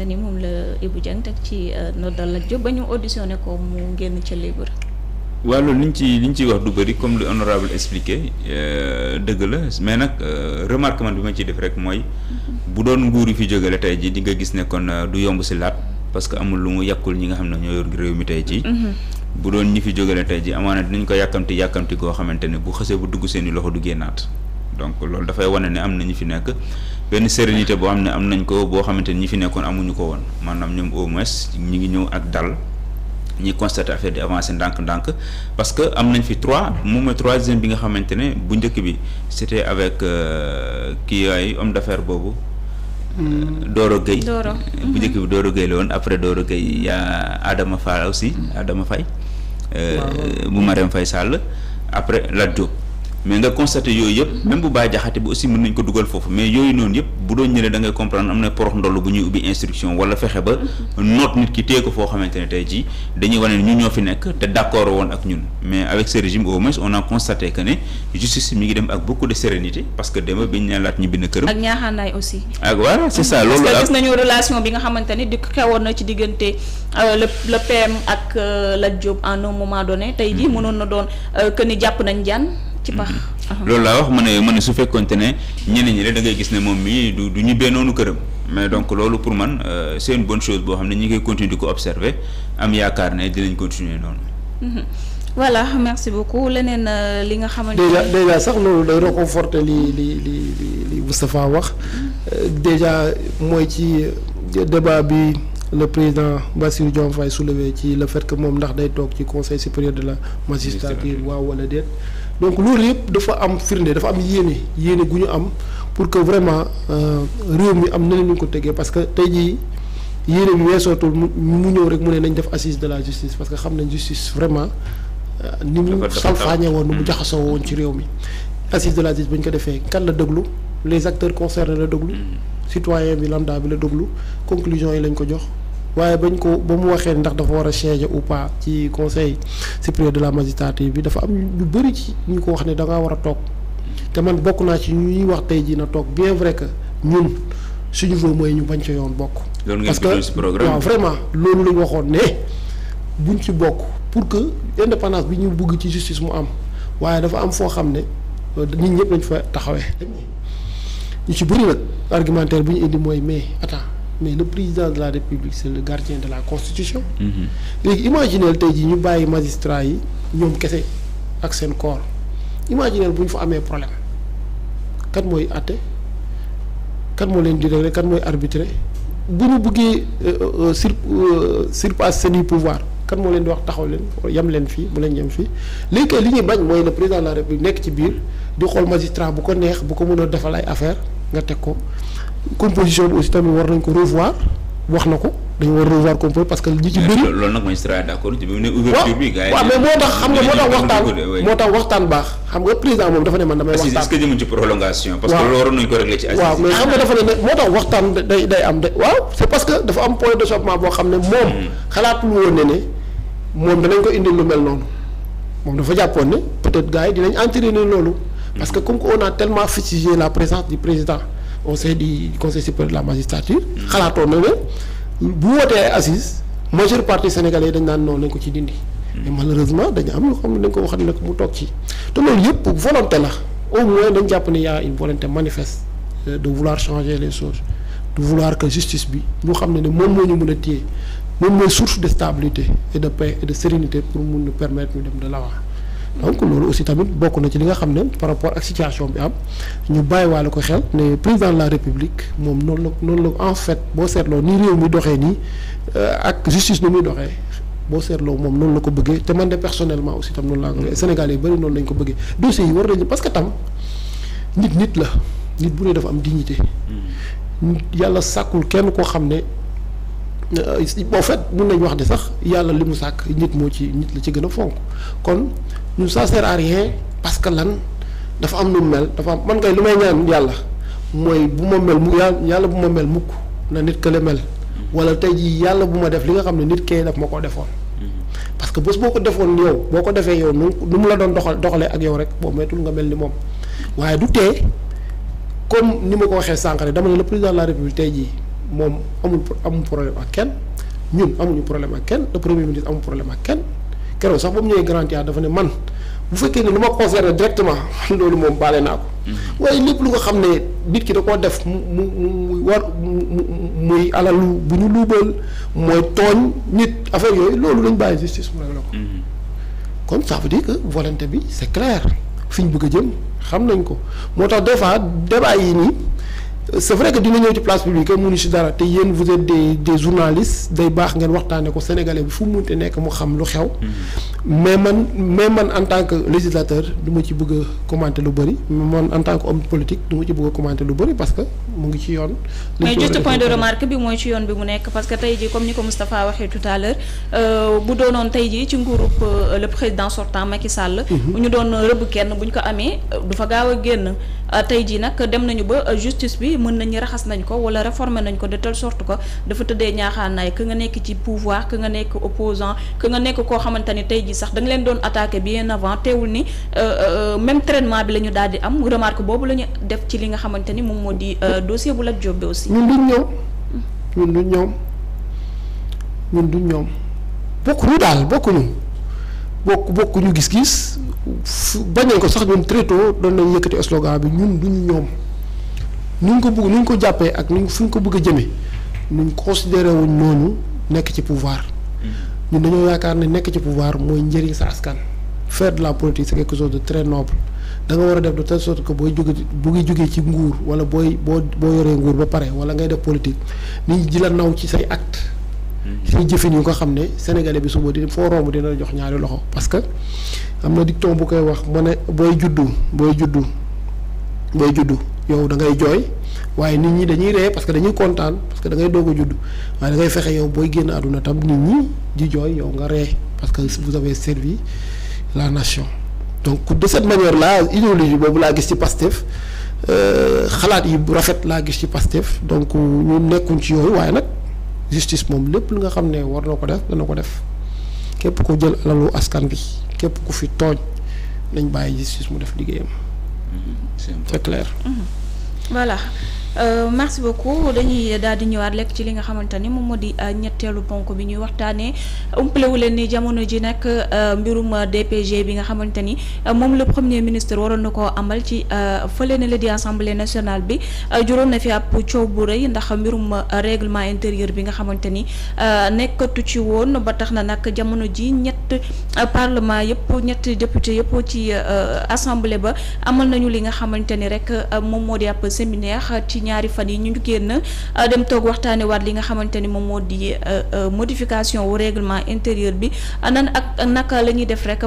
xamante ni moom la Ibou Dieng teg ci euh, noddal Lat Diop ba ñu auditionné ko mu génn ca libre waaw loolu li ci li ñu ciy wax du bëri comme lu honorable expliqué euh, dëgg la mais nag euh, remarque man bi ma ciy def rek mooy mhm. bu doon nguur yi fi jógale tey jii di nga gis ne kon du yomb si laat parce que amul lu mu yàqul ñi nga xam ne ñoo yor réew mi tey jii mhm. bu doon ñi fi jógale tey jii amaana dinañ ko yàkkamti yàkkamti koo xamante ne bu xësee bu dugg seen i loxo du génnaat donc am na ñu fi nekk benn sérénité boo xam ne am nañ ko boo xamante ni ñi fi nekkoon amuñu ko woon maanaam ñoom o moins ñi ngi ñëw ak dal ñi constaté affaire di avancé ndànk-ndànk parce que am nañ fi trois moom mooy troisième bi nga xamante ne bu njëkk bi c'était avec euh, kii yooyu homme d'affaires boobu hmm. Doro Gueye bu njëkk bi hmm. Doro Gueye la woon après Doro Gueye yaa Adama Fall aussi hmm. Adama Faye euh, bu Marème Faye sàll après Lat Diop mais nga constaté yooyu yëpp même bu bàyyi jaxate bi aussi mën nañ ko dugal foofu mais yooyu noonu yëpp bu doon ñëwee da ngay comprendre am na porox ndoll bu ñuy ubbi instruction wala fexe ba noot nit ki téye ko foo xamante ne tey jii dañuy wane ne ñoo fi nekk te d' accord ak ñun mais avec ce régime au moins constaté que ne justice mi ngi dem ak beaucoup que démb bi ñu ne laat ñu bind këram. ak ñaaxaanaay aussi. bi nga xamante ni di xewoon na ci diggante euh, le le PM ak euh, Lat Diop en un moment donné. tey jii mm-hmm. mënoon na doon euh, que ni jàpp nañ jaan ci pax. Mm-hmm. loolu laa wax ma ne ma ne su fekkonte ne ñeneen ñi rek da ngay gis ne moom mii du du ñibbee noonu këram. mais donc loolu pour man euh, c'est une bonne chose boo xam ne ñi ngi continuer di ko observer am yaakaar ne dinañ continuer noonu. Mm-hmm. voilà merci beaucoup leneen euh, li nga xamante ne. sax loolu day réconforter li li li li Moustapha wax euh, déjà mooy ci débat bi le président Bassirou Diomaye Faye soulevé ci le fait moom ndax day toog ci conseil supérieur de la magistrature waaw wala déet. donc loolu yëpp dafa am firnde dafa am yéene yéene gu ñu am pour que vraiment euh, réew mi am neneen ñu ko tegee parce que tey jii yéene bi weesootul mu ñëw rek mu ne nañ def assise de la justice parce que xam nañ justice vraiment euh, ni mu salfaañe woon ni mu jaxasoo woon ci réew mi assise de la justice bu ñu ko defee kan la déglu les acteurs concernés la déglu mm. citoyen bi lambda bi la déglu conclusion yi lañ ko jox waaye bañ ko ba mu waxee ndax dafa war a siéger ou pas ci conseil supérieur de la magistrature bi dafa am lu bëri ci ñu ko wax ne da war a toog te man bokk naa ci ñuy wax tey jii na toog bien vrai que ñun suñu vœu mooy ñu bañ ca yoon bokk. parce que waaw vraiment loolu la ñu waxoon ne buñ ci bokk pour que indépendance bi ñu bugg ci justice mu am waaye dafa am foo xam ne euh, nit ñëpp lañ fa taxawee. ñu ci bëri nag argumentaire bu ñu indi mooy mais attends mais le président de la république c'est le gardien de la constitution mhm. léegi imagineel tey jii ñu bàyyi magistrat yi ñoom kese ak seen corps imagineel bu ñu fa amee problème kan mooy àtte kan moo leen di régler kan mooy arbitrer bu ñu buggee euh, euh, sur euh, surpasse seen pouvoir kan moo leen di wax taxaw leen yam leen fii bu leen yem fii léegi li ñuy bañ mooy le président de la république nekk ci biir di xool magistrat bu ko neex bu ko mën a defal ay affaire nga teg ko composition bi aussi tamit war nañ ko revoir wax na ko dañu war revoir composition parce que ñi ci bëri loolu nag magistrat d'accord ci bi ne ouverture bi gars yi waaw mais moo tax xam nga moo tax waxtaan moo tax waxtaan baax xam nga président moom dafa ne man damay waxtaan ne moom danañ ko indil lu mel noonu moom dafa jàppoon ne peut-être gars yi dinañ loolu parce que comme on a tellement fustigé la présence du président au sein du conseil supérieur de la magistrature. xalaatoon na ne bu wootee assise majeure partie yi dañ naan noonu lañ ko ci dindi. Hmm. mais malheureusement dañ am loo xam ne dañ ko waxat nag mu toog ci. te loolu yëpp volonté la au moins dañ jàpp ne y a une volonté manifeste euh, de vouloir changé les choses de vouloir que justice bi ñu xam ne ne moom moo ñu mën a téye moom mooy source de stabilité et de paix et de sérénité pour mun ñu permettre ñu dem de wax donc loolu aussi tamit bokk na ci li nga xam ne par rapport ak situation bi am ñu bàyyiwaale ko xel ne président de la république moom noonu la noonu la en fait boo seetloo ni réew mi doxee nii euh, ak justice ni muy doxe boo seetloo moom noonu la ko bëggee te man de personnellement aussi tam noonu laa ko Sénégalais yi bëri noonu lañ ko bëggee dossiers yi war nañu parce tam nit nit la nit bu ne dafa am dignité hmm. yàlla sàkkul kenn koo xam ne boo euh, fait mun nañ wax di sax yàlla li mu sàkk nit moo ci nit la ci gën a fonk kon ñu ça sert à rien lan dafa am nu mu mel dafa am man kay lu may ñaan yàlla mooy bu ma mel mu yàlla bu ma mel mukk na nit kële mel wala tey jii yàlla bu ma def li nga xam ne nit kay daf ma koo defoon mm-hmm. parce que bés boo ko defoon yow boo ko defee yow nu nu mu la doon doxal doxalee ak yow rek boo metul nga mel ni moom waaye du tee comme ni ma ko waxee sànq dama ne le président de la république tey jii moom amul amul problème ak kenn ñun amuñu problème ak kenn le premier ministre amul problème ak kenn keroog sax ba mu ñëwee Grand Théâtre dafa ne man bu fekkee ne lu ma concerné directement loolu moom baale naa ko. Mm-hmm. waaye lépp lu nga xam ne nit ki da def mu mu mu war mu muy alalu bu ñu luubal mooy tooñ nit affaire yooyu loolu lañ bàyyi justice mu réglé ko. Mm-hmm. kon ça veut dire que volonté bi c'est clair fi ñu bëgg a jëm xam nañ ko moo tax des fois débat yi nii. c'est vrai que dina ñëw ci place publique mënu ci dara te yéen vous êtes des des journalistes day baax ngeen waxtaanee ko sénégalais bi fu mu munte nekk mu xam lu xew. Mm-hmm. mais man mais en tant que législateur du ma ci bëgg a lu bëri man en tant que homme politique du ma ci bëgg a commenter lu bëri parce que mu ngi ci yoon. mais juste point de remarque bi mooy ci yoon bi mu nekk parce que tey jii comme ni ko Moustapha waxee tout à l'heure euh, bu doonoon tey jii ci nguurub euh, le président sortant Macky Sall. Mm-hmm. ñu doon rëbb kenn bu ñu ko amee du fa gaaw a Euh, tey jii nag dem nañu ba euh, justice bi mën nañu raxas nañ ko wala réformer nañ ko de telle sorte que dafa tëddee ñaaxaanaay que nga nekk ci pouvoir que nga nekk opposant que nga nekk koo xamante ni tey jii sax da leen doon attaqué bien avant teewul ni euh, même traitement bi la ñu daal di am remarque boobu la ñu def ci li nga xamante ni moom moo di dossier bu la jóbbe aussi. ñun duñ ñoom mm. ñun duñ ñoom ñun duñ ñoom bokkuñu daal bokk bokkuñu gis-gis bañ bañee ko sax ñun très doon nañ yëkkati slogan bi ñun duñu ñoom ni ko bugg ni ko jàppee ak ni fu ñu ko bëgg a jëmee ñu considéré wuñ noonu nekk ci pouvoir mm-hmm. ñun dañoo yaakaar ne nekk ci pouvoir mooy njëriñ sa askan. faire de la politique c'est quelque chose de très noble danga war a def de telle sorte que booy jóge bu ngi jógee ci nguur wala booy boo boo yoree nguur ba pare wala ngay def politique nit ñi di la naw ci say acte ci jëfin yu nga xam ne sénégale bi suba di foo romb dina jox ñaari loxo parce que am na dicton bu koy wax mu ne booy juddu booy juddu booy juddu yow da ngay jooy waaye nit ñi dañuy ree parce que dañuy kontaan parce que da ngay doog a judd waaye da ngay fexe yow booy génn àdduna tam nit ñi di jooy yow nga ree parce que vous avez servi la nation donc de cette manière là idéologie boobu laa gis ci Pastef euh, xalaat yi bu rafet laa gis ci Pastef donc ñu nekkuñ ci yooyu waaye nag justice moom lépp lu nga xam ne war na ko def dana ko def képp ku jël alalu askan bi képp ku fi tooñ nañ bàyyi justice mu def liggéeyam. c'est clair. voilà euh, merci beaucoup dañuy daal di ñëwaat lekk ci li nga xamante ni moom moo di euh, ñetteelu ponk bi ñuy waxtaanee umpalewu leen ni jamono ji nag euh, mbirum DPG bi nga xamante ni euh, moom le premier ministre waroon na koo amal ci euh, fële na la di assemblée nationale bi juróon na fi ab coow bu rëy ndax mbirum règlement intérieur bi nga xamante ni nekkatu ci woon ba tax na nag jamono ji ñett parlement yëpp ñett député yëpp ci assemblée ba amal nañu li nga xamante ni rek moom moo di ab séminaire ci ñaari fan yi ñu génn dem toog waxtaane waat li nga xamante moom moo di Euh, euh, modification wu règlement intérieur bi nan ak naka la ñuy def rek